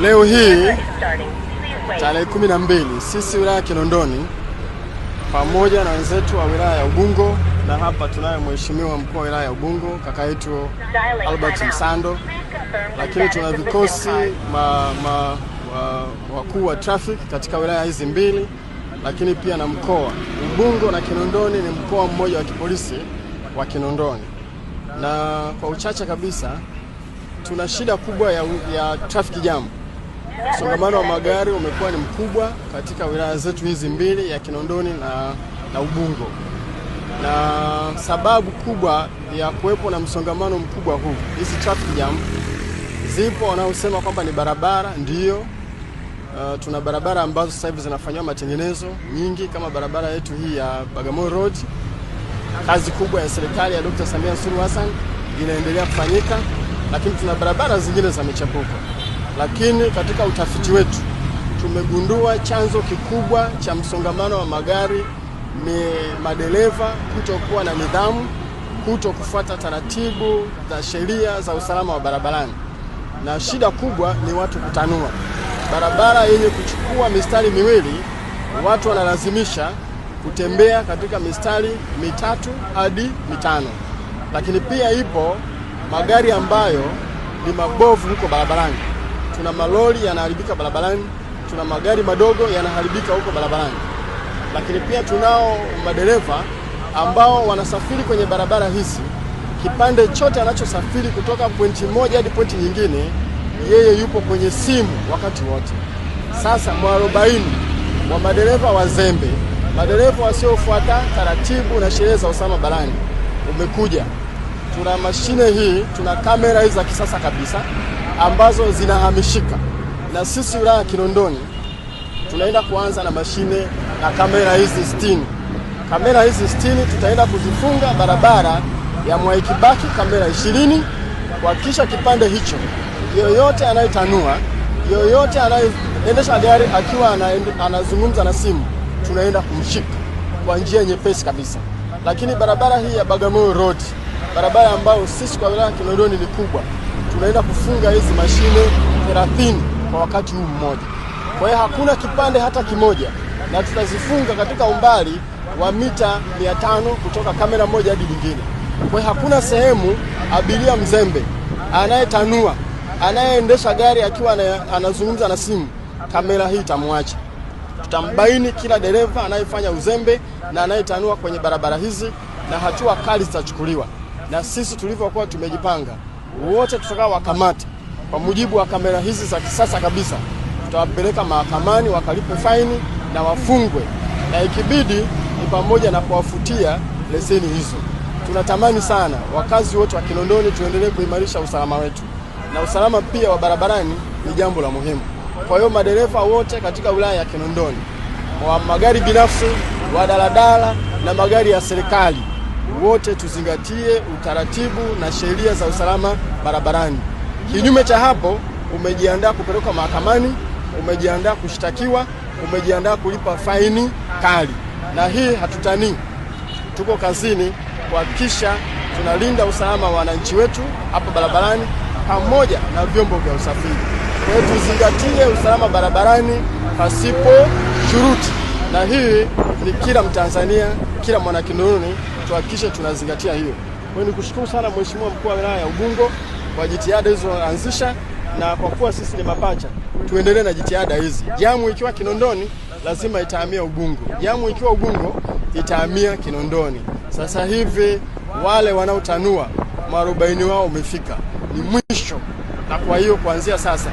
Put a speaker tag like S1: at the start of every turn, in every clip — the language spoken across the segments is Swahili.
S1: Leo hii tarehe kumi na mbili sisi wilaya ya Kinondoni pamoja na wenzetu wa wilaya ya Ubungo na hapa tunaye mheshimiwa mkuu wa wilaya ya Ubungo kaka yetu Albert Msando, lakini tuna vikosi ma, ma, wakuu wa traffic katika wilaya hizi mbili, lakini pia na mkoa Ubungo na Kinondoni ni mkoa mmoja wa kipolisi wa Kinondoni, na kwa uchache kabisa tuna shida kubwa ya, ya traffic jam Msongamano wa magari umekuwa ni mkubwa katika wilaya zetu hizi mbili ya Kinondoni na, na Ubungo, na sababu kubwa ya kuwepo na msongamano mkubwa huu, hizi traffic jam zipo wanaosema kwamba ni barabara ndiyo. Uh, tuna barabara ambazo sasa hivi zinafanyiwa matengenezo nyingi kama barabara yetu hii ya Bagamoyo Road. Kazi kubwa ya serikali ya Dr. Samia Suluhu Hassan inaendelea kufanyika, lakini tuna barabara zingine za michepuko lakini katika utafiti wetu tumegundua chanzo kikubwa cha msongamano wa magari ni madereva kutokuwa na nidhamu, kuto kufuata taratibu za sheria za usalama wa barabarani, na shida kubwa ni watu kutanua barabara yenye kuchukua mistari miwili, watu wanalazimisha kutembea katika mistari mitatu hadi mitano. Lakini pia ipo magari ambayo ni mabovu huko barabarani tuna malori yanaharibika barabarani, tuna magari madogo yanaharibika huko barabarani, lakini pia tunao madereva ambao wanasafiri kwenye barabara hizi. Kipande chote anachosafiri kutoka pointi moja hadi pointi nyingine, yeye yupo kwenye simu wakati wote. Sasa mwarobaini wa madereva wazembe, madereva wasiofuata taratibu na sheria za usalama barani umekuja. Tuna mashine hii, tuna kamera hizi za kisasa kabisa ambazo zinahamishika, na sisi wilaya ya Kinondoni tunaenda kuanza na mashine na kamera hizi sitini. Kamera hizi sitini tutaenda kuzifunga barabara ya Mwai Kibaki kamera ishirini kuhakikisha kipande hicho, yoyote anayetanua, yoyote anayeendesha gari akiwa anazungumza na simu, tunaenda kumshika kwa njia nyepesi kabisa. Lakini barabara hii ya Bagamoyo Road, barabara ambayo sisi kwa wilaya ya Kinondoni ni kubwa tunaenda kufunga hizi mashine 30 kwa wakati huu mmoja. Kwa hiyo hakuna kipande hata kimoja, na tutazifunga katika umbali wa mita 500 kutoka kamera moja hadi nyingine. Kwa hiyo hakuna sehemu abiria mzembe anayetanua, anayeendesha gari akiwa anazungumza na simu, kamera hii itamwacha. Tutambaini kila dereva anayefanya uzembe na anayetanua kwenye barabara hizi, na hatua kali zitachukuliwa. Na sisi tulivyokuwa tumejipanga wote wakamate kwa mujibu wa kamera hizi za kisasa kabisa, tutawapeleka mahakamani wakalipe faini na wafungwe, na ikibidi ni pamoja na kuwafutia leseni hizo. Tunatamani sana wakazi wote wa Kinondoni tuendelee kuimarisha usalama wetu, na usalama pia wa barabarani ni jambo la muhimu. Kwa hiyo madereva wote katika wilaya ya Kinondoni wa magari binafsi, wa daladala na magari ya serikali wote tuzingatie utaratibu na sheria za usalama barabarani. Kinyume cha hapo, umejiandaa kupelekwa mahakamani, umejiandaa kushtakiwa, umejiandaa kulipa faini kali, na hii hatutanii. Tuko kazini kuhakikisha tunalinda usalama wa wananchi wetu hapa barabarani pamoja na vyombo vya usafiri. Kwa hiyo tuzingatie usalama barabarani pasipo shuruti, na hii ni kila Mtanzania, kila mwanakinununi tuhakikishe tunazingatia hiyo. Kwa hiyo nikushukuru sana Mheshimiwa Mkuu wa Wilaya ya Ubungo kwa jitihada hizo anzisha, na kwa kuwa sisi ni mapacha tuendelee na jitihada hizi. Jamu ikiwa Kinondoni lazima itahamia Ubungo, jamu ikiwa Ubungo itahamia Kinondoni. Sasa hivi wale wanaotanua mwarobaini wao umefika, ni mwisho, na kwa hiyo kuanzia sasa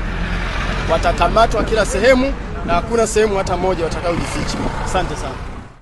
S1: watakamatwa kila sehemu na hakuna sehemu hata moja watakayojificha. Asante sana.